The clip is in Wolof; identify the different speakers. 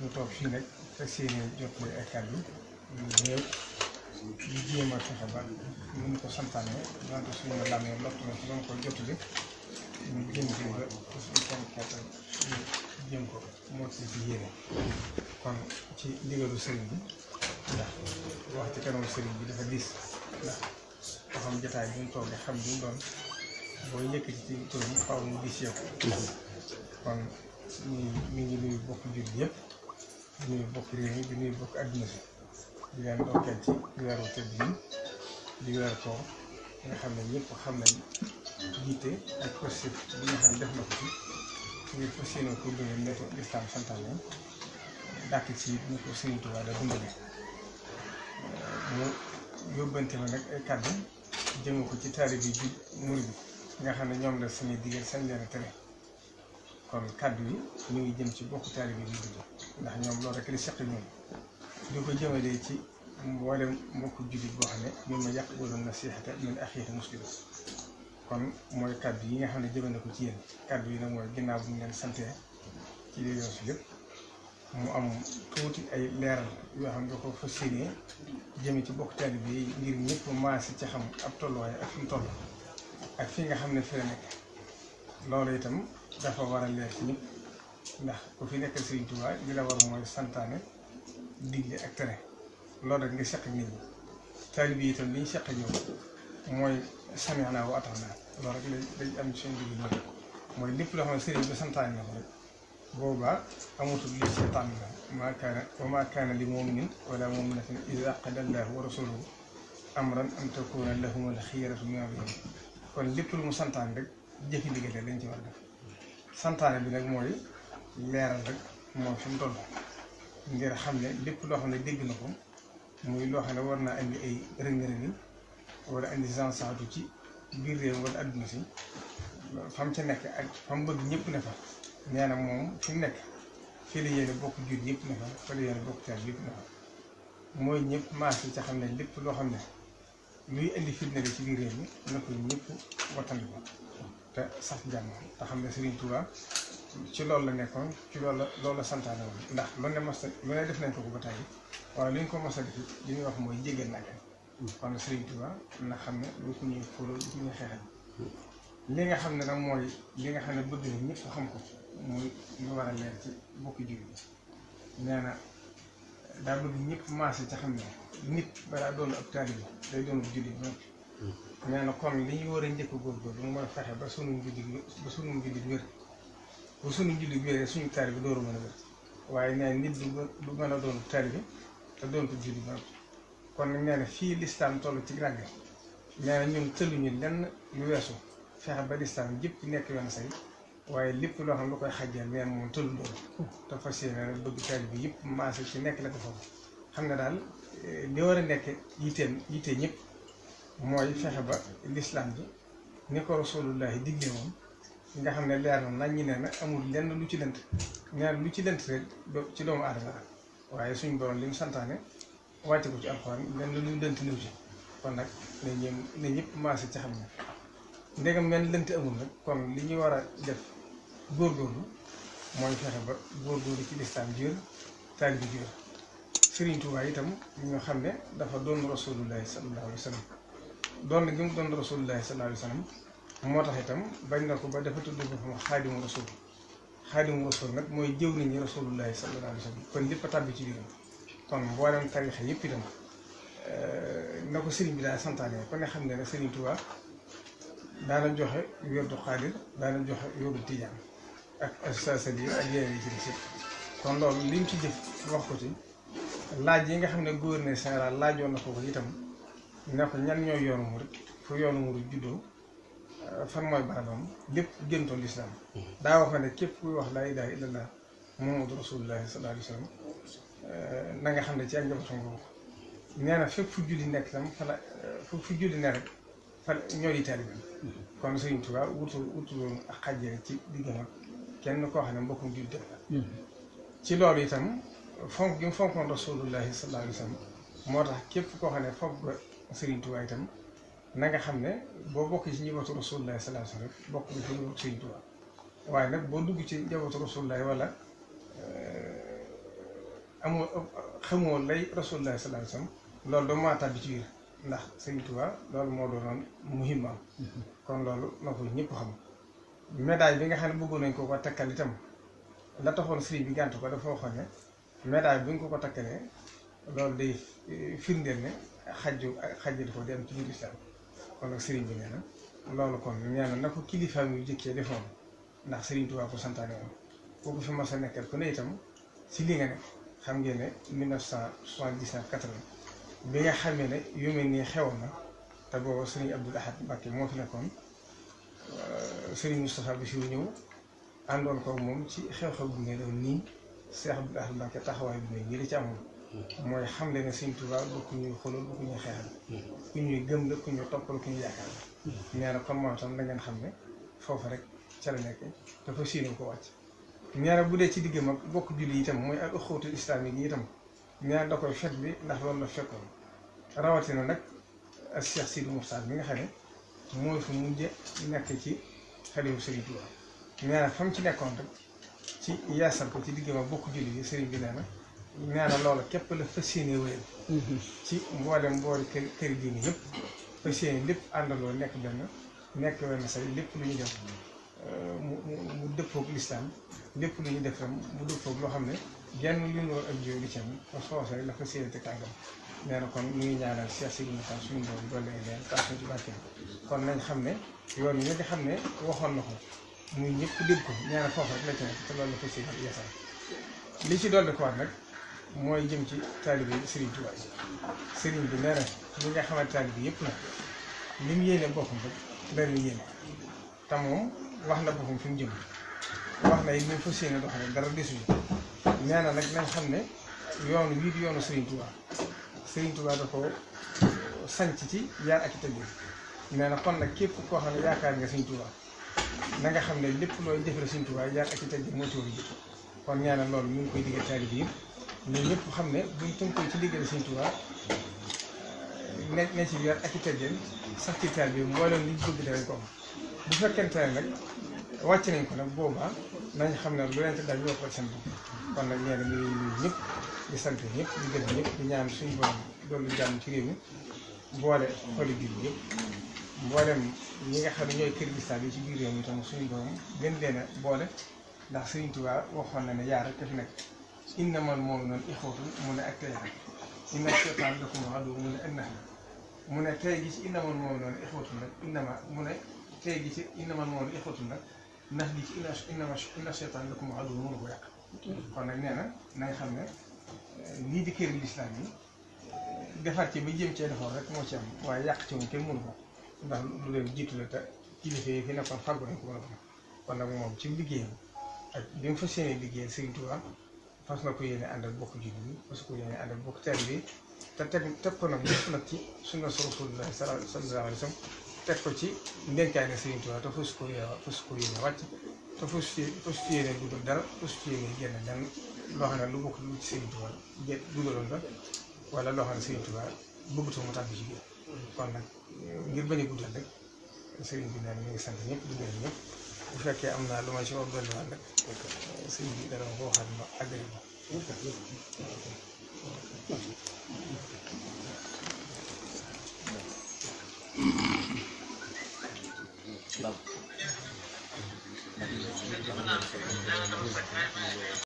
Speaker 1: ñu toog fii nag fas yéene jot leen ay kàddu yu néew yu jéem a fexe ba ñu ko santaane wante suñu la laamee lott ci doon ko jotale ñu jéem ci kon ci ndigalu sëriñ bi ndax wax ci kanamu sëriñ bi dafa diis ndax xam jotaay bi mu toogee xam bi mu doon booy yëkkati ci turam faaw mu diis yow kon ñu ngi nuyu bokk jur yëpp. di nuyu bokk réew di nuyu bokk adduna leen ndokkeel ci weeru tëdd yi di weer nga xam ne ñëpp xam nañ jiite ak positif bi nga xam ne def na ko ci ngir fas yéene ko dundee nekk ko Sëriñ Tuubaa da dundale mu yóbbante ma nag ay kàddu jëng ko ci taalibe bi murid bi nga xam ne ñoom la suñuy digal sañ leen a tere kon kàddu yi ñu ngi jëm ci bokk taalibe yi jullit ndax ñoom loolu rek li ko jëmalee ci mboolem mbokk jullit boo xam ne ñoom ma yaqbalu nasihata min axiihi muslim kon mooy kàddu yi nga xam ne jëme na ko ci yi nag mooy ginnaaw bu ñu sante ci li am tuuti ay leeral yoo xam ne ko fas ci bokk taalibe yi ngir ñëpp maasi ci xam ab tolluwaay ak fi mu toll ak fi nga xam ne fi nekk loolu itam dafa war a leer ci ñëpp ndax ku fi nekk Sëriñ Tuubaa li la war mooy santaane digle ak tere loolu rek nga seq nit ñi taalibe bi itam li ñu seq ñëw mooy sami'naa wa ata'naa loolu rek lañ am ci seen digg loolu mooy lépp loo xam ne sëriñ bi santaane na ko rek boobaa amatul li ci tànn la maa kaana wa maa kaana li mu'minin wala mu'minatin izaa qadaa Allaahu wa rasuluhu amran an takuuna lahumul xiyaratu min amrihim kon lépp lu mu santaane rek jëfi ndigal lañ ci war a def santaane bi nag mooy leeral rek moom fi mu toll ngir xam ne lépp loo xam ne déggi na ko muy loo xam ne war naa indi ay rëng-rëng yi wala indi sensibiliser ci biir réew wala adduna si fam ca nekk ak fam bëgg ñëpp ne fa nee na moom fi mu nekk fii la yéene bokk jur ñëpp ne fa fa la yéene bokk taal yëpp ne fa mooy ñëpp maas yi ca xam ne lépp loo xam ne. luy indi fitna ci biir réew mi na ko ñëpp wattandiku te sax jàmm te xam ne Serigne Touba ci loolu la nekkoon ci lool la lool la santaane woon ndax mën na mos a mën def nañ ko ba tey waaye li ko mos a def li ñuy wax mooy jéggal nag kon Serigne Touba na xam ne lu ko ñuy fóoloo lu ko ñuy xeexal li nga xam ne nag mooy li nga xam ne bëgg na ñëpp xam ko muy lu war a leer ci bokki jiw bi nee na daa bëgg ñëpp yi ca xam ne nit balaa doon ab taalibe day doon jullit ba noppi. na kon li ñu war a njëkk a góorgóorlu mooy fexe ba sunu jullit ba sunu jullit wér ba sunu jullit wéree suñu taalibe dooru mën a wér waaye nee nit du du mën a doon taalibe te doon ko jullit ba kon nag nee na fii lislaam toll ci ràgg nee na ñun tëluñu lenn lu weesu fexe ba lislaam jëpp nekk yoon say. waaye lépp loo xam ne lu koy xàjjee ngeen moom tëdd loolu te fas yéene rek bëgg taal bi yëpp maase ci nekk la ko foofu xam nga daal eh, li war a nekk yiteen yiteen ñëpp mooy fexe ba lislaam bi ni ko rasulullahi digle moom nga xam ne leer na nañ ñi ne na amul lenn lu ci lënt ñaar lu ci lënt ci doomu aadama la suñ borom li santaane wàcce ko ci alxuraan lenn lu lënt niw kon nag ne ñëm ne ñëpp maase ci xam ne ndegam mel lënt amul nag kon li ñu war a def góorgóorlu mooy fexe ba góorgóorlu ci lislaam jiwér taal bi jiwér Sëriñ itam ñu xam ne dafa doon rasulullahi sallallahu alayhi wa doon gi mu doon rasulullahi sallallahu moo tax itam bari na ko ba dafa tudd ko fa xaadimu rasul xaadimu rasul nag mooy jëw nit ñi rasulullahi sallallahu alayhi wa kon lépp a tàbbi ci biiram kon mboolem tarixa yëpp itam eh, na ko sëriñ bi daal santaane ko ne xam ne na Sëriñ Tuubaa daana joxe wérdu xaadir daana joxe wérdu tijaan ak sa yi ak yeneen yi ci kon loolu li mu ci jëf wax ko ci laaj yi nga xam ne gouverneur général laajoon na ko itam ne ko ñan ñooy yoonu murit fu yoonu murit juddoo euh, fan mooy baadam lépp géntoon lislaam mm-hmm. képp kuy wax laa ilaaha illallah muhammadu rasulullahi sallallahu alayhi wa sallam euh, xam ne ci ak njabootam nga bokk nekk tam fa la euh, fépp fu julli ne rek fa ñoo di taalibe mm-hmm. kon Sëriñ Tuubaa wutul wutul woon ak xàjjale ci diggam ak kenn koo xam ne mbokkum jullit hmm. ci loolu itam fonk gi mu fonkoon rasulullahi sallallahu alayhi moo tax képp koo xam ne foog nga Serigne Touba itam na nga xam ne boo bokk ci njabootu rasulullahi sallallahu alayhi rek bokk nga ci njabootu Serigne nag boo dugg ci njabootu rasulullahi wala eh, amoo xamoo lay rasulullahi sallallahu alayhi wa loolu da maa tàbbi ndax Serigne Touba loolu moo doonoon muhimam hmm. kon loolu na ko xam. médaille bi nga xam ne bëggoon nañ ko ko takkal itam la taxoon sëriñ bi gànt ko dafa waxoon ne médaille bi nga ko ko takkalee loolu day eh, firndeel ne xajju xajju dafa dem ci biir islam kon nag sëriñ bi nee na na na ko kilifaam yu jëkkee defoon ndax seriñ Tuubaa ko santaane woon boo ko fi mas a nekkal ku ne itam si li nga ne xam ngeen ne 1979 80 bi nga xamee ne yu mel nii xewoon na te booba sëriñ Abdul Ahad Mbàkke moo fi nekkoon. سيرين مصطفى بشو نيو عندون كو موم سي خيو خو بني دو ني شيخ عبد الرحمن كي تاخواي بني ني تي امو موي حمد لله سيرين توبا بو كو نيو خولو بو كو نيو خيال كو نيو گم لو كو نيو توبل كو نيو ياكار نيانا كوم مام تام دا نين خامي فوفو رك تي لا نيك دا فا سي نكو وات نيانا بودي سي ديگ ما بوك جولي تام موي اك خوتو الاسلامي ني تام نيانا دا كو فيت بي ناخ لون لا فيكو رواتينا نك الشيخ سيد مرسال ميغا خاني موي فو مونجي xalewu Serigne Touba nee na fa ci nekkoon rek ci yaasal ko ci diggam ak bokk julli yi Serigne bi nee na nee na loola képp la fas yéene wéyal ci mboolem mboori kër kër diine yëpp fas yéene lépp àndaloo nekk benn nekk wenn say lépp lu ñu def euh, mu mu dëppook lislaam lépp lu ñu def tam mu dëppoog loo xam ne genn lu ñu ak jiw di ci am soo soosee la fas yéene te tàngam nee na kon mu ngi ñaanal Cheikh Sidi Moussa suñu borom doole leen taxaw ci barkeem kon nañ xam ne yoon yi nga xam ne waxoon na ko muy ñëpp dégg ko ñaanal te loolu la ko li ci dolli ko waat nag mooy jëm ci taalibe Serigne Touba Serigne bi nee na li nga xamante bi yëpp nag li mu yéene boppam rek dara yéene wax na boppam fi mu jëm wax na it ñu fas yéene doxalee dara desuñu nee na nag nañ xam ne yoon wii yoonu Serigne Touba. Serigne Touba da ko sanc ci yar ak i tëggin nee na kon nag képp koo xam ne yaakaar nga Serigne Touba na nga xam ne lépp looy jëfale Serigne Touba yar ak i tëggin moo ci ji kon ñaanal loolu ñu ngi koy digal taalibe yi ñun ñëpp xam ne buñ tënkoo ci liggéeyal Serigne Touba ne ne ci yar ak i tëggin sax ci taalibe bi mboolem liñ bëgg danañ ko am bu fekkente ne nag wàcc nañ ko nag boobaa nañ xam ne lu leen ci dal yoo ko sant kon nag ñeneen ñu ngi di sant ñëpp di gën ñëpp di ñaan suñu borom doolu jàmm ci réew mi boole xoli jur yëpp mboolem ñi nga xam ne ñooy kirgistaan yi ci biir réew mi tam suñu borom gën leen a boole ndax Sëriñ Tuubaa waxoon na ne yaar rek fi nekk innamal mu'minuuna ixwatun mu ne ak tey xam inna seytaan lakum aduwwun mu ne ak nax mu ne tey gi ci innamal mu'minuuna ixwatun nag innama mu ne tey gi ci innamal mu'minuuna ixwatun nag nax gi ci inna inna seytaan lakum aduwwun mu ne ko yàq kon nag nee na na nga xam ne. lii di kër gi lislaam yi defar ci ba jëm cee defoon rek moo ci am waaye yàq ci moom kenn mënu ko ndax lu leen jiitu la te kilifa yi fi nekkoon kon nag moom ci liggéeyam ak li mu fas yéene liggéeyal Sëriñ Tuubaa fas na ko yéene àndal bokk jullit ko yéene àndal bokk te teg teg ko nag ñëpp nag ci sunna Rasulullah sallallahu alayhi teg ko ci ndenkaay na Sëriñ Tuubaa te fas ko yéene fas ko yéene wàcc te fas fas yéene dugal dara fas yéene génn dara لوحنا لو بوك لو سيرين توبا جيت دوغالون دا ولا لوحنا سيرين توبا بوبتو موتا في جيجي كون نا غير باني بودال رك سيرين بي نان ني سانت نيب دوغال نيب bu fekke am na luma ci wax doon rek seen bi dara ko waxal ma agri ba